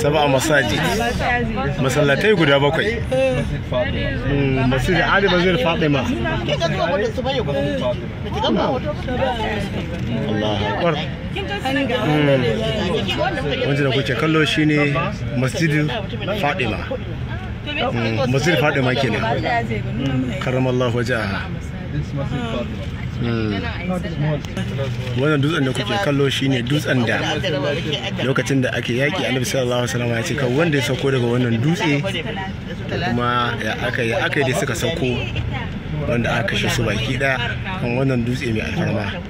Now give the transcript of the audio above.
سبع مساجد مسلتي وجودها بكي مسجد علي بزير فاطمه الله اكبر شيني مسجد فاطمه مسجد فاطمه كرم الله وجهها wannan dutsen da kuke kallo shine dutsen da lokacin da ake yaƙi annabi sallallahu alaihi wasallam ya ce kan wanda ya sauko daga wannan dutse kuma ya aka yi aka da suka sauko wanda aka kashe su baki ɗaya kan wannan dutse mai alfarma